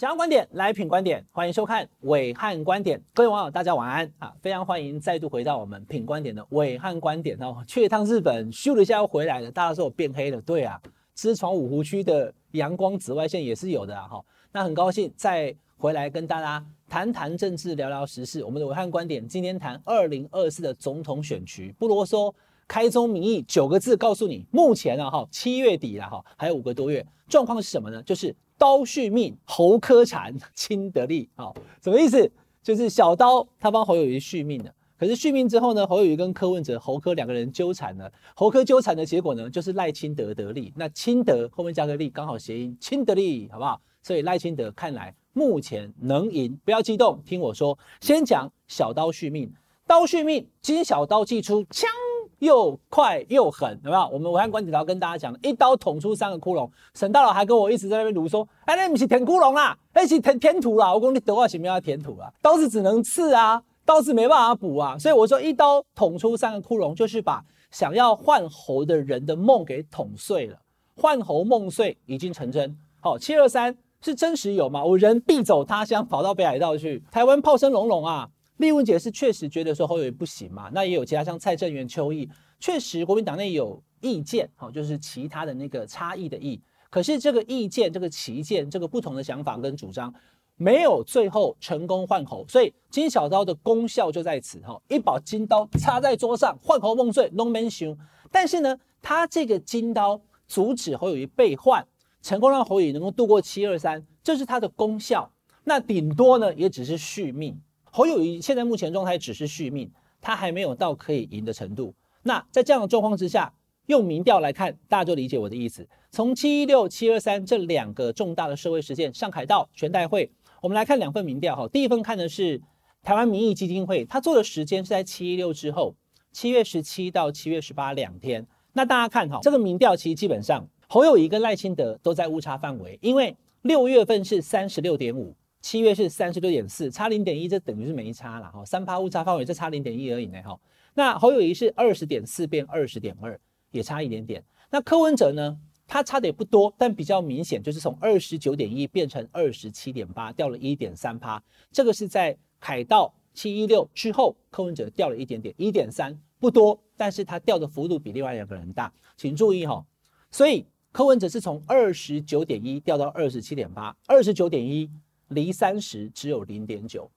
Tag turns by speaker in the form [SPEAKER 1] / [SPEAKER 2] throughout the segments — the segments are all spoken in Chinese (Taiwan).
[SPEAKER 1] 想觀點來品觀點，歡迎收看暐瀚觀點。各位網友，大家晚安啊！非常歡迎再度回到我們品觀點的暐瀚觀點、哦。去一趟日本，咻了一下，又回來了。大家說我變黑了？對啊，其實闖五湖區的陽光紫外線也是有的啊。哈、哦，那很高興再回來跟大家談談政治，聊聊時事。我們的暐瀚觀點今天談二零二四的總統選局，不囉嗦，開宗明義九個字告訴你：目前啊，哈、哦，七月底了，啊，哈、哦，還有五個多月，狀況是什麼呢？就是。刀續命，侯柯纏清得利，好、哦，什麼意思？就是小刀他幫侯友宜續命了，可是續命之後呢，侯友宜跟柯文哲、侯科兩個人糾纏了，侯科糾纏的結果呢，就是賴清德得利，那清德後面加個利，剛好諧音清得利，好不好？所以賴清德看來目前能贏，不要激動，聽我說，先講小刀續命，刀續命，金小刀祭出槍。又快又狠，有沒有？我們暐瀚觀點跟大家講的，一刀捅出三個窟窿。沈大佬還跟我一直在那邊讀說，哎、欸，那不是填窟窿啦，啊，那是填填土啦，啊。我說你得多少錢要填土啊？刀子只能刺啊，刀子沒辦法補啊。所以我說，一刀捅出三個窟窿，就是把想要換侯的人的夢給捅碎了。換侯夢碎已經成真。好、哦，七二三是真實有嗎？我人必走他鄉，跑到北海道去。台灣炮聲隆隆啊！李文解是確實覺得說侯友宜不行嘛，那也有其他像蔡正元、邱毅，確實國民黨內有意見，哈、哦，就是其他的那個差異的意。可是這個意見、這個歧見、這個不同的想法跟主張，沒有最後成功換侯，所以金小刀的功效就在此，哈、哦，一把金刀插在桌上，換侯夢碎，no mention。但是呢，他這個金刀阻止侯友宜被換，成功讓侯友宜能夠度過七二三，這是他的功效。那頂多呢，也只是續命。侯友宜現在目前狀態只是續命，他還沒有到可以贏的程度。那在這樣的狀況之下，用民調來看，大家就理解我的意思。從七一六、七二三這兩個重大的社會事件，上凱道、全代會，我們來看兩份民調哈。第一份看的是台灣民意基金會，他做的時間是在七一六之後，七月十七到七月十八兩天。那大家看哈，這個民調其實基本上侯友宜跟賴清德都在誤差範圍，因為六月份是三十六點五。七月是三十六點四，差零點一，這等於是沒差了哈。三趴誤差範圍，這差零點一而已嘞哈。那侯友宜是二十點四變二十點二，也差一點點。那柯文哲呢？他差的也不多，但比較明顯，就是從二十九點一變成二十七點八，掉了一點三趴。這個是在凱道七一六之後，柯文哲掉了一點點，一點三不多，但是他掉的幅度比另外兩個人大，請注意哈。所以柯文哲是從二十九點一掉到二十七點八，二十九點一。離三十只有零點九，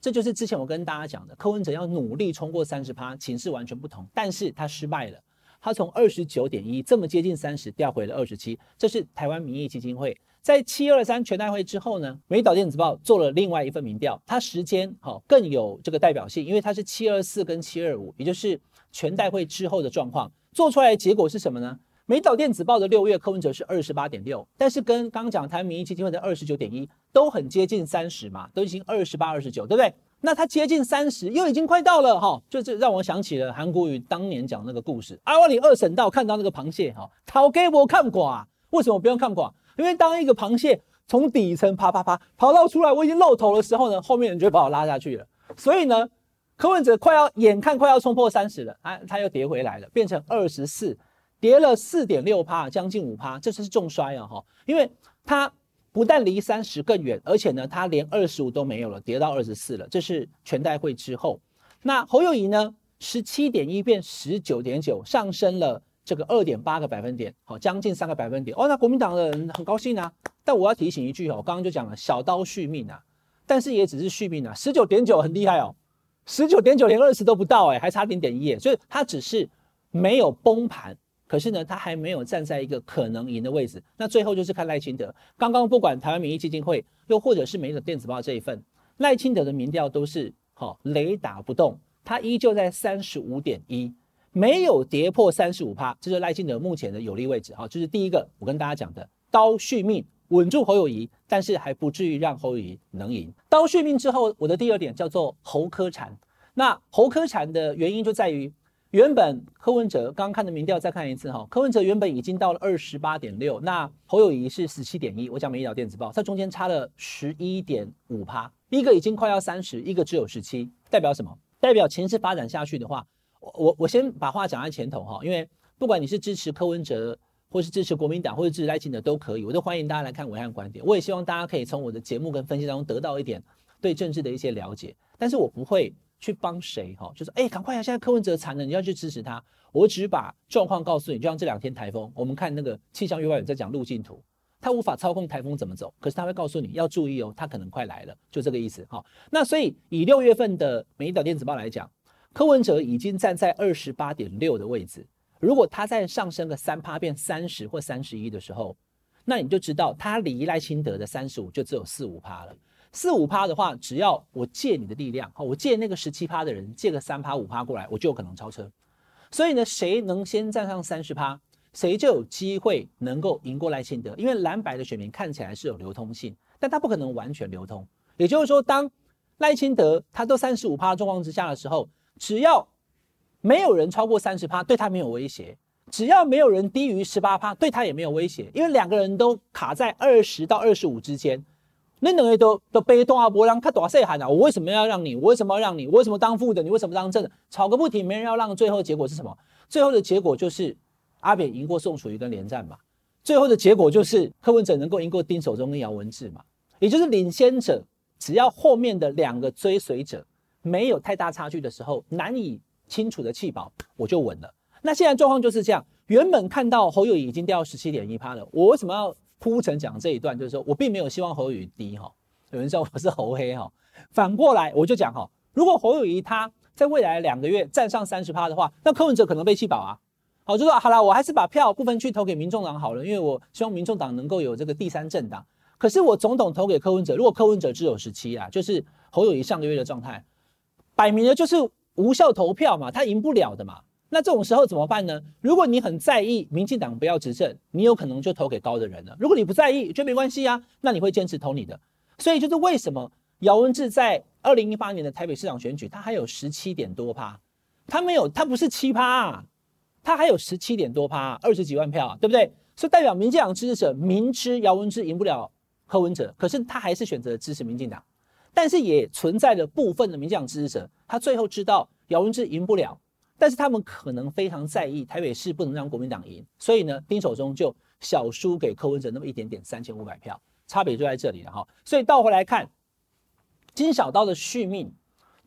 [SPEAKER 1] 這就是之前我跟大家講的，柯文哲要努力衝過三十趴，情勢完全不同，但是他失敗了，他從二十九點一這麼接近三十掉回了二十七，這是台灣民意基金會在七二三全代會之後呢，美麗島電子報做了另外一份民調，它時間好更有這個代表性，因為它是七二四跟七二五，也就是全代會之後的狀況，做出來的結果是什麼呢？美島電子報的六月柯文哲是二十八點六，但是跟剛講台灣民意基金會在二十九點一 1, 都很接近三十嘛，都已經二十八、二十九，對不對？那它接近三十，又已經快到了哈、哦，就是讓我想起了韓國瑜當年講那個故事，阿、啊、萬里二省道看到那個螃蟹哈，逃給我看寡、啊，為什麼不用看寡？因為當一個螃蟹從底層啪啪啪跑到出來，我已經露頭的時候呢，後面人就把我拉下去了。所以呢，柯文哲快要眼看快要衝破三十了啊，他又跌回來了，變成二十四。跌了四點六趴，將近五趴，這次是重摔啊哈！因為它不但離三十更遠，而且呢，它連二十五都沒有了，跌到二十四了。這是全代會之後，那侯友宜呢，十七點一變十九點九，上升了這個二點八個百分點，好，將近三個百分點哦。那國民黨的人很高興啊，但我要提醒一句哦，剛剛就講了小刀續命啊，但是也只是續命啊。十九點九很厲害哦，十九點九連二十都不到哎，還差零點一，所以它只是沒有崩盤。可是呢，他還沒有站在一個可能贏的位置。那最後就是看賴清德。剛剛不管台灣民意基金會，又或者是《美日電子報》這一份，賴清德的民調都是好、哦、雷打不動，他依舊在三十五點一，沒有跌破三十五趴。這是賴清德目前的有利位置。好、哦，這、就是第一個，我跟大家講的刀續命，穩住侯友宜，但是還不至於讓侯友宜能贏。刀續命之後，我的第二點叫做侯柯纏。那侯柯纏的原因就在於。原本柯文哲剛，剛看的民調，再看一次哈。柯文哲原本已經到了二十八點六，那侯友宜是十七點一。我講《美麗島電子報》，在中間差了十一點五趴，一個已經快要三十，一個只有十七，代表什麼？代表情勢發展下去的話，我我我先把話講在前頭哈，因為不管你是支持柯文哲，或是支持國民黨，或是支持賴清德都可以，我都歡迎大家來看暐瀚觀點。我也希望大家可以從我的節目跟分析當中得到一點對政治的一些了解，但是我不會。去幫誰哈？就是哎，趕、欸、快啊！現在柯文哲殘了，你要去支持他。我只把狀況告訴你，就像這兩天台風，我們看那個氣象預報員在講路徑圖，他無法操控台風怎麼走，可是他會告訴你要注意哦，他可能快來了，就這個意思哈。那所以以六月份的《美麗島電子報》來講，柯文哲已經站在二十八點六的位置，如果他再上升個三趴變三十或三十一的時候，那你就知道他離賴清德的三十五就只有四五趴了。四五趴的話，只要我借你的力量，我借那個十七趴的人借個三趴五趴過來，我就有可能超車。所以呢，誰能先站上三十趴，誰就有機會能夠贏過賴清德。因為藍白的選民看起來是有流通性，但他不可能完全流通。也就是說，當賴清德他都三十五趴的狀況之下的時候，只要沒有人超過三十趴，對他沒有威脅；只要沒有人低於十八趴，對他也沒有威脅。因為兩個人都卡在二十到二十五之間。那等於都都被動啊！不讓看大勢喊啊！我為什麼要讓你？我為什麼要讓你？我為什麼當副的？你為什麼當正的？吵個不停，沒人要讓。最後結果是什麼？最後的結果就是阿扁贏過宋楚瑜跟連戰嘛。最後的結果就是柯文哲能夠贏過丁守中跟姚文智嘛。也就是領先者，只要後面的兩個追隨者沒有太大差距的時候，難以清楚的棄保，我就穩了。那現在狀況就是這樣。原本看到侯友宜已經掉十七點一趴了，我為什麼要？鋪陳講這一段，就是說我並沒有希望侯友宜低哈，有人說我是侯黑哈，反過來我就講哈，如果侯友宜他在未來兩個月站上三十趴的話，那柯文哲可能被棄保啊。好就說好了，我還是把票不分區投給民眾黨好了，因為我希望民眾黨能夠有這個第三政黨，可是我總統投給柯文哲，如果柯文哲只有十七啊，就是侯友宜上個月的狀態，擺明了就是無效投票嘛，他贏不了的嘛。那這種時候怎麼辦呢？如果你很在意民進黨不要執政，你有可能就投給高的人了。如果你不在意，就沒關係啊。那你會堅持投你的。所以就是為什麼姚文智在二零一八年的台北市長選舉，他還有十七點多趴，他沒有，他不是七趴啊，他還有十七點多趴，二十幾萬票啊，對不對？所以代表民進黨支持者明知姚文智贏不了柯文哲，可是他還是選擇支持民進黨。但是也存在着部分的民進黨支持者，他最後知道姚文智贏不了。但是他們可能非常在意台北市不能讓國民黨贏，所以呢，丁守中就小輸給柯文哲那麼一點點，三千五百票，差別就在這裡了哈。所以倒回來看，金小刀的續命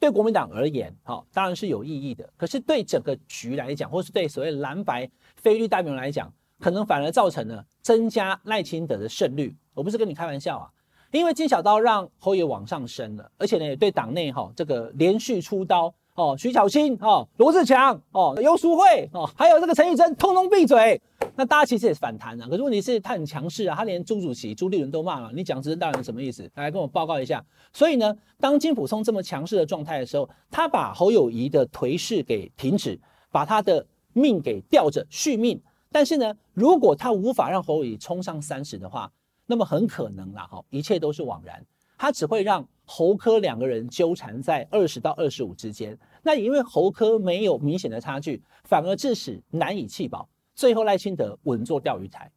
[SPEAKER 1] 對國民黨而言，哈當然是有意義的。可是對整個局來講，或是對所謂藍白非綠代表來講，可能反而造成了增加賴清德的勝率，我不是跟你開玩笑啊，因為金小刀讓侯爺往上升了，而且呢，也對黨內哈這個連續出刀。哦，徐巧芯，哦，羅智強，哦，游淑慧，哦，還有這個陳玉珍，通通閉嘴！那大家其實也是反彈了，啊，可是問題是，他很強勢啊，他連朱主席、朱立倫都罵了嘛，你講這些大人什麼意思？來跟我報告一下。所以呢，當金溥聰這麼強勢的狀態的時候，他把侯友宜的頹勢給停止，把他的命給吊着續命。但是呢，如果他無法讓侯友宜衝上三十的話，那麼很可能啦哈，一切都是枉然。他只會讓侯柯兩個人糾纏在二十到二十五之間，那也因為侯柯沒有明顯的差距，反而致使難以棄保，最後賴清德穩坐釣魚台，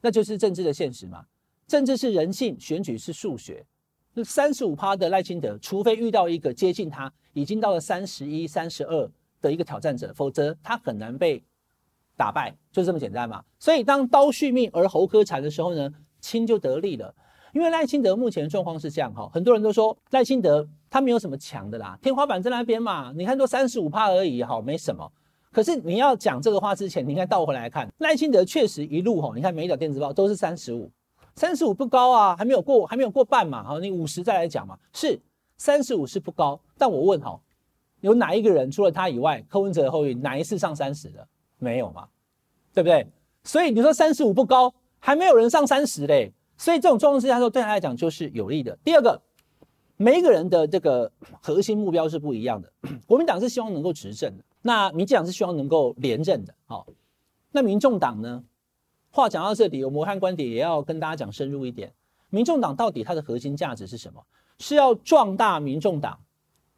[SPEAKER 1] 那就是政治的現實嘛。政治是人性，選舉是數學。那三十五趴的賴清德，除非遇到一個接近他已經到了三十一、三十二的一個挑戰者，否則他很難被打敗，就這麼簡單嘛。所以當刀續命而侯柯纏的時候呢，清就得利了。因為賴清德目前狀況是這樣哈，很多人都說賴清德他沒有什麼強的啦，天花板在那邊嘛。你看都三十五趴而已哈，沒什麼。可是你要講這個話之前，你應該倒回來看，賴清德確實一路哈，你看每一條電子報都是三十五，三十五不高啊，還沒有過還沒有過半嘛。好，你五十再來講嘛，是三十五是不高。但我問哈，有哪一個人除了他以外，柯文哲、侯友宜哪一次上三十的沒有嘛？對不對？所以你說三十五不高，還沒有人上三十嘞。所以這種狀況之下，說對他來講就是有利的。第二個，每一個人的這個核心目標是不一樣的。國民黨是希望能夠執政的，那民進黨是希望能夠連任的。好，那民眾黨呢？話講到這裡，我暐瀚觀點也要跟大家講深入一點。民眾黨到底它的核心價值是什麼？是要壯大民眾黨，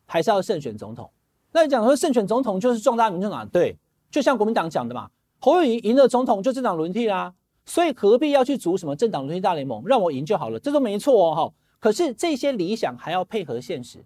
[SPEAKER 1] 還是要勝選總統？那你講說勝選總統就是壯大民眾黨，對，就像國民黨講的嘛，侯友宜贏了總統就政黨輪替啦，啊。所以何必要去組什麼政黨中心大聯盟？讓我贏就好了，這都沒錯哦，哈。可是這些理想還要配合現實。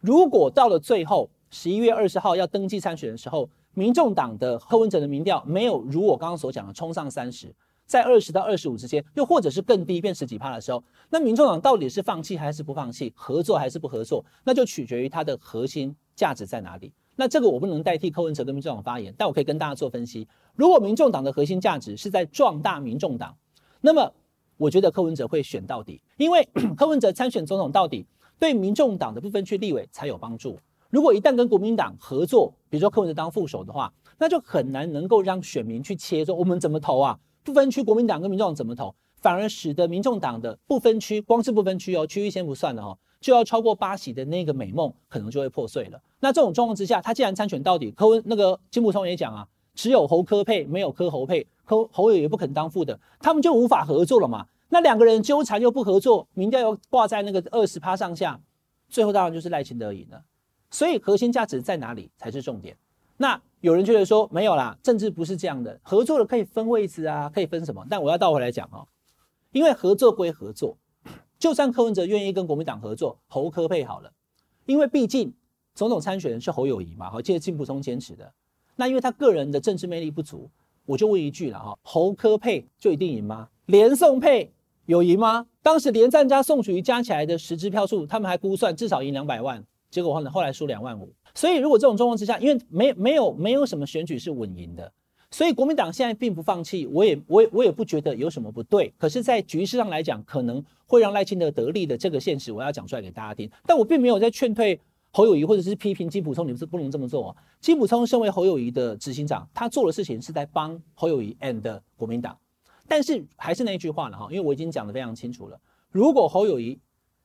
[SPEAKER 1] 如果到了最後十一月二十號要登記參選的時候，民眾黨的柯文哲的民調沒有如我剛剛所講的衝上三十，在二十到二十五之間，又或者是更低，變十幾趴的時候，那民眾黨到底是放棄還是不放棄，合作還是不合作，那就取決於它的核心價值在哪裡。那這個我不能代替柯文哲跟民眾黨發言，但我可以跟大家做分析。如果民眾黨的核心價值是在壯大民眾黨，那麼我覺得柯文哲會選到底，因為 柯文哲參選總統到底，對民眾黨的不分區立委才有幫助。如果一旦跟國民黨合作，比如說柯文哲當副手的話，那就很難能夠讓選民去切中我們怎麼投啊，不分區國民黨跟民眾黨怎麼投，反而使得民眾黨的不分區，光是不分區哦，區域先不算了哦，哈。就要超過八席的那個美夢，可能就會破碎了。那這種狀況之下，他既然參選到底，柯文那個金溥聰也講啊，只有侯柯配，沒有柯侯配，柯侯友也不肯當副的，他們就無法合作了嘛。那兩個人糾纏又不合作，民調又掛在那個二十趴上下，最後當然就是賴清德贏了。所以核心價值在哪裡才是重點？那有人覺得說沒有啦，政治不是這樣的，合作的可以分位置啊，可以分什麼？但我要倒回來講哦，因為合作歸合作。就算柯文哲願意跟國民黨合作，侯柯配好了，因為畢竟總統參選人是侯友宜嘛，好，這是金溥聰堅持的。那因為他個人的政治魅力不足，我就問一句了哈，侯柯配就一定贏嗎？連宋配有贏嗎？當時連戰加宋楚瑜加起來的實質票數，他們還估算至少贏兩百萬，結果後來輸兩萬五。所以如果這種狀況之下，因為沒沒有沒有什麼選舉是穩贏的。所以國民黨現在並不放棄，我也，我也，我也不覺得有什麼不對。可是，在局勢上來講，可能會讓賴清德得利的這個現實，我要講出來給大家聽。但我並沒有在勸退侯友宜，或者是批評金溥聰，你們是不能這麼做哦。金溥聰身為侯友宜的執行長，他做的事情是在幫侯友宜 and 國民黨。但是還是那句話了哈，因為我已經講得非常清楚了。如果侯友宜、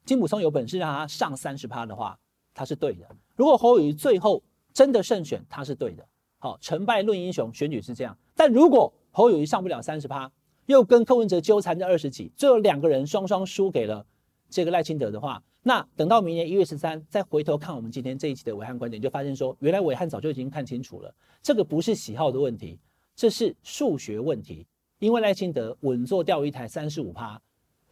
[SPEAKER 1] 金溥聰有本事讓他上三十趴的話，他是對的；如果侯友宜最後真的勝選，他是對的。好，成敗論英雄，選舉是這樣。但如果侯友宜上不了三十趴，又跟柯文哲糾纏在二十幾，只有兩個人雙雙輸給了這個賴清德的話，那等到明年一月十三再回頭看我們今天這一集的暐瀚觀點，就發現說，原來暐瀚早就已經看清楚了，這個不是喜好的問題，這是數學問題。因為賴清德穩坐釣魚台三十五趴，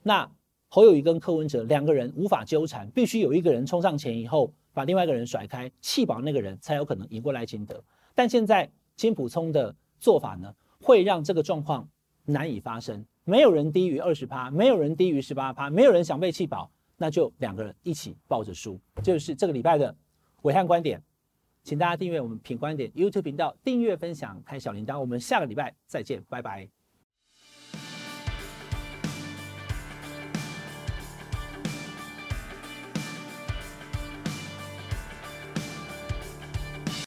[SPEAKER 1] 那侯友宜跟柯文哲兩個人無法糾纏，必須有一個人衝上前以後，把另外一個人甩開，棄保那個人，才有可能贏過賴清德。但現在金溥聰的做法呢，會讓這個狀況難以發生。沒有人低於二十趴，沒有人低於十八趴，沒有人想被棄保，那就兩個人一起抱着輸。就是這個禮拜的暐瀚觀點，請大家訂閱我們品觀點 YouTube 頻道，訂閱分享開小鈴鐺，我們下個禮拜再見，拜拜。